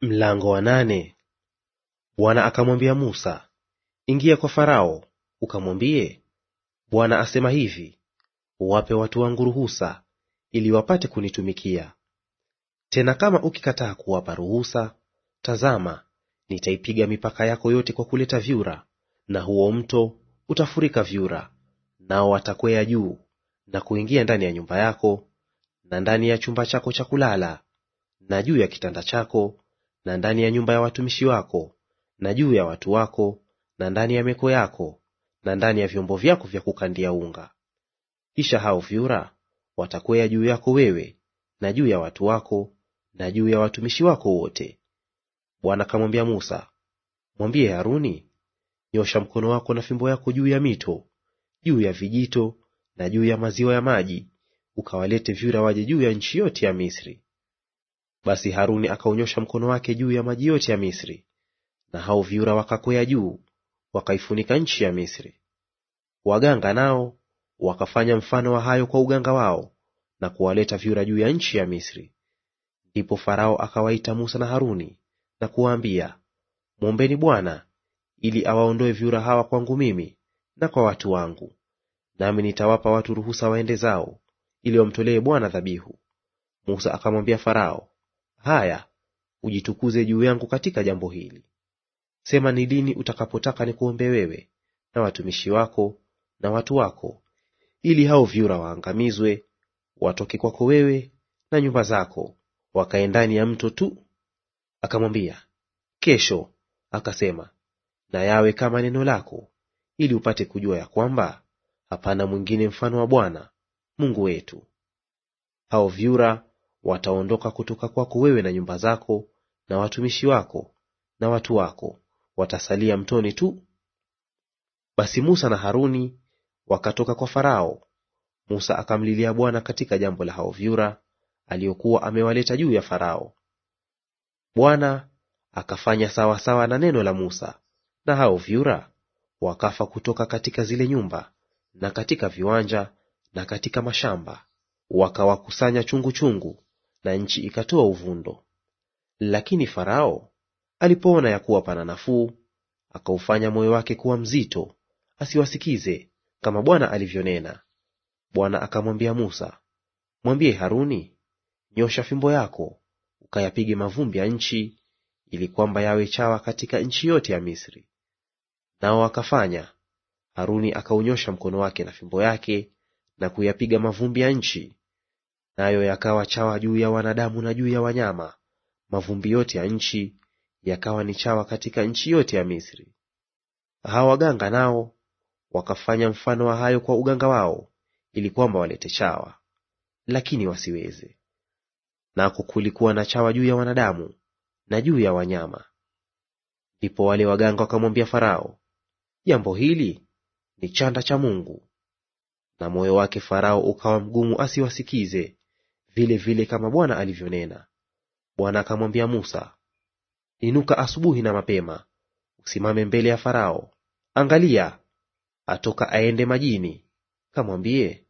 Mlango wa nane. Bwana akamwambia Musa, ingia kwa Farao ukamwambie, Bwana asema hivi, wape watu wangu ruhusa ili wapate kunitumikia. Tena kama ukikataa kuwapa ruhusa, tazama, nitaipiga mipaka yako yote kwa kuleta vyura, na huo mto utafurika vyura, nao watakwea juu na kuingia ndani ya nyumba yako na ndani ya chumba chako cha kulala na juu ya kitanda chako na ndani ya nyumba ya watumishi wako na juu ya watu wako na ndani ya meko yako na ndani ya vyombo vyako vya kukandia unga. Kisha hao vyura watakwea juu yako wewe na juu ya watu wako na juu ya watumishi wako wote. Bwana akamwambia Musa, mwambie Haruni, nyosha mkono wako na fimbo yako juu ya mito, juu ya vijito na juu ya maziwa ya maji, ukawalete vyura waje juu ya nchi yote ya Misri. Basi Haruni akaonyosha mkono wake juu ya maji yote ya Misri, na hao viura wakakwea juu, wakaifunika nchi ya Misri. Waganga nao wakafanya mfano wa hayo kwa uganga wao, na kuwaleta vyura juu ya nchi ya Misri. Ndipo Farao akawaita Musa na Haruni na kuwaambia, mwombeni Bwana ili awaondoe vyura hawa kwangu mimi na kwa watu wangu, nami nitawapa watu ruhusa waende zao, ili wamtolee Bwana dhabihu. Musa akamwambia Farao, Haya, ujitukuze juu yangu katika jambo hili. Sema ni lini utakapotaka nikuombe wewe na watumishi wako na watu wako, ili hao vyura waangamizwe watoke kwako wewe na nyumba zako, wakae ndani ya mto tu. Akamwambia, kesho. Akasema, na yawe kama neno lako, ili upate kujua ya kwamba hapana mwingine mfano wa Bwana Mungu wetu. Hao vyura wataondoka kutoka kwako wewe na nyumba zako na watumishi wako na watu wako, watasalia mtoni tu. Basi Musa na Haruni wakatoka kwa Farao. Musa akamlilia Bwana katika jambo la hao vyura aliyokuwa amewaleta juu ya Farao. Bwana akafanya sawa sawa na neno la Musa, na hao vyura wakafa kutoka katika zile nyumba na katika viwanja na katika mashamba, wakawakusanya chungu chungu na nchi ikatoa uvundo. Lakini Farao alipoona ya kuwa pana nafuu, akaufanya moyo wake kuwa mzito, asiwasikize kama Bwana alivyonena. Bwana akamwambia Musa, mwambie Haruni, nyosha fimbo yako ukayapige mavumbi ya nchi, ili kwamba yawe chawa katika nchi yote ya Misri. Nao akafanya. Haruni akaunyosha mkono wake na fimbo yake na kuyapiga mavumbi ya nchi, nayo yakawa chawa juu ya wanadamu na juu ya wanyama, mavumbi yote ya nchi yakawa ni chawa katika nchi yote ya Misri. Hawa waganga nao wakafanya mfano wa hayo kwa uganga wao, ili kwamba walete chawa, lakini wasiweze. Nako kulikuwa na chawa juu ya wanadamu na juu ya wanyama. Ndipo wale waganga wakamwambia Farao, jambo hili ni chanda cha Mungu. Na moyo wake Farao ukawa mgumu asiwasikize, vile vile kama Bwana alivyonena. Bwana akamwambia Musa, inuka asubuhi na mapema, usimame mbele ya Farao. Angalia, atoka aende majini, kamwambie,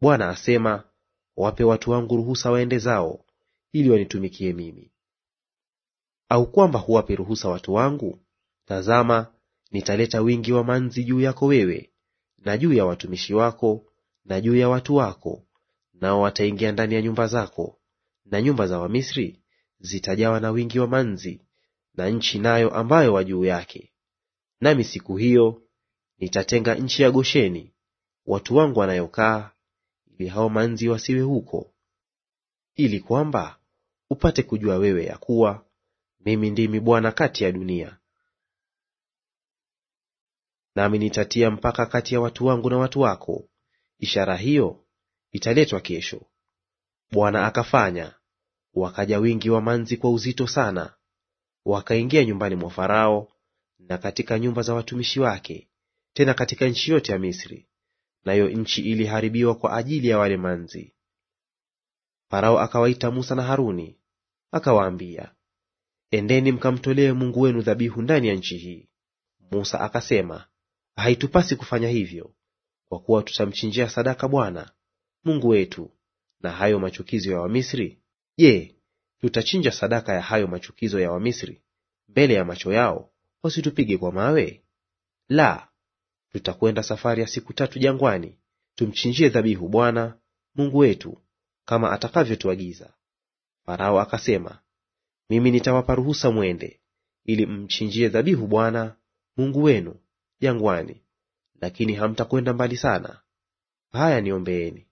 Bwana asema, wape watu wangu ruhusa waende zao, ili wanitumikie mimi. Au kwamba huwape ruhusa watu wangu? Tazama, nitaleta wingi wa manzi juu yako wewe na juu ya watumishi wako na juu ya watu wako nao wataingia ndani ya nyumba zako, na nyumba za Wamisri zitajawa na wingi wa manzi, na nchi nayo ambayo wa juu yake. Nami siku hiyo nitatenga nchi ya Gosheni, watu wangu wanayokaa, ili hao manzi wasiwe huko, ili kwamba upate kujua wewe ya kuwa mimi ndimi Bwana kati ya dunia. Nami nitatia mpaka kati ya watu wangu na watu wako, ishara hiyo italetwa kesho. Bwana akafanya wakaja wingi wa manzi kwa uzito sana, wakaingia nyumbani mwa Farao na katika nyumba za watumishi wake, tena katika nchi yote ya Misri, nayo nchi iliharibiwa kwa ajili ya wale manzi. Farao akawaita Musa na Haruni akawaambia, endeni mkamtolee Mungu wenu dhabihu ndani ya nchi hii. Musa akasema, haitupasi kufanya hivyo, kwa kuwa tutamchinjia sadaka Bwana Mungu wetu na hayo machukizo ya Wamisri? Je, tutachinja sadaka ya hayo machukizo ya Wamisri mbele ya macho yao, wasitupige kwa mawe? La, tutakwenda safari ya siku tatu jangwani, tumchinjie dhabihu Bwana Mungu wetu kama atakavyotuagiza. Farao akasema, mimi nitawapa ruhusa mwende, ili mmchinjie dhabihu Bwana Mungu wenu jangwani, lakini hamtakwenda mbali sana. Haya, niombeeni.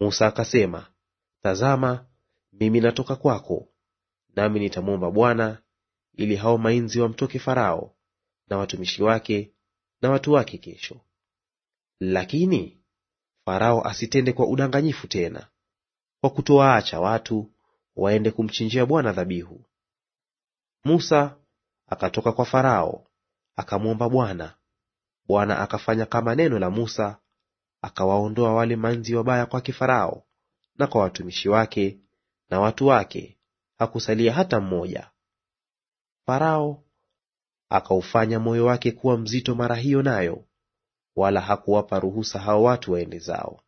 Musa akasema, Tazama, mimi natoka kwako, nami nitamwomba Bwana ili hao mainzi wamtoke Farao na watumishi wake na watu wake kesho. Lakini Farao asitende kwa udanganyifu tena, kwa kutowaacha watu waende kumchinjia Bwana dhabihu. Musa akatoka kwa Farao akamwomba Bwana. Bwana akafanya kama neno la Musa akawaondoa wale manzi wabaya kwa kifarao na kwa watumishi wake na watu wake, hakusalia hata mmoja. Farao akaufanya moyo wake kuwa mzito mara hiyo nayo, wala hakuwapa ruhusa hao watu waende zao.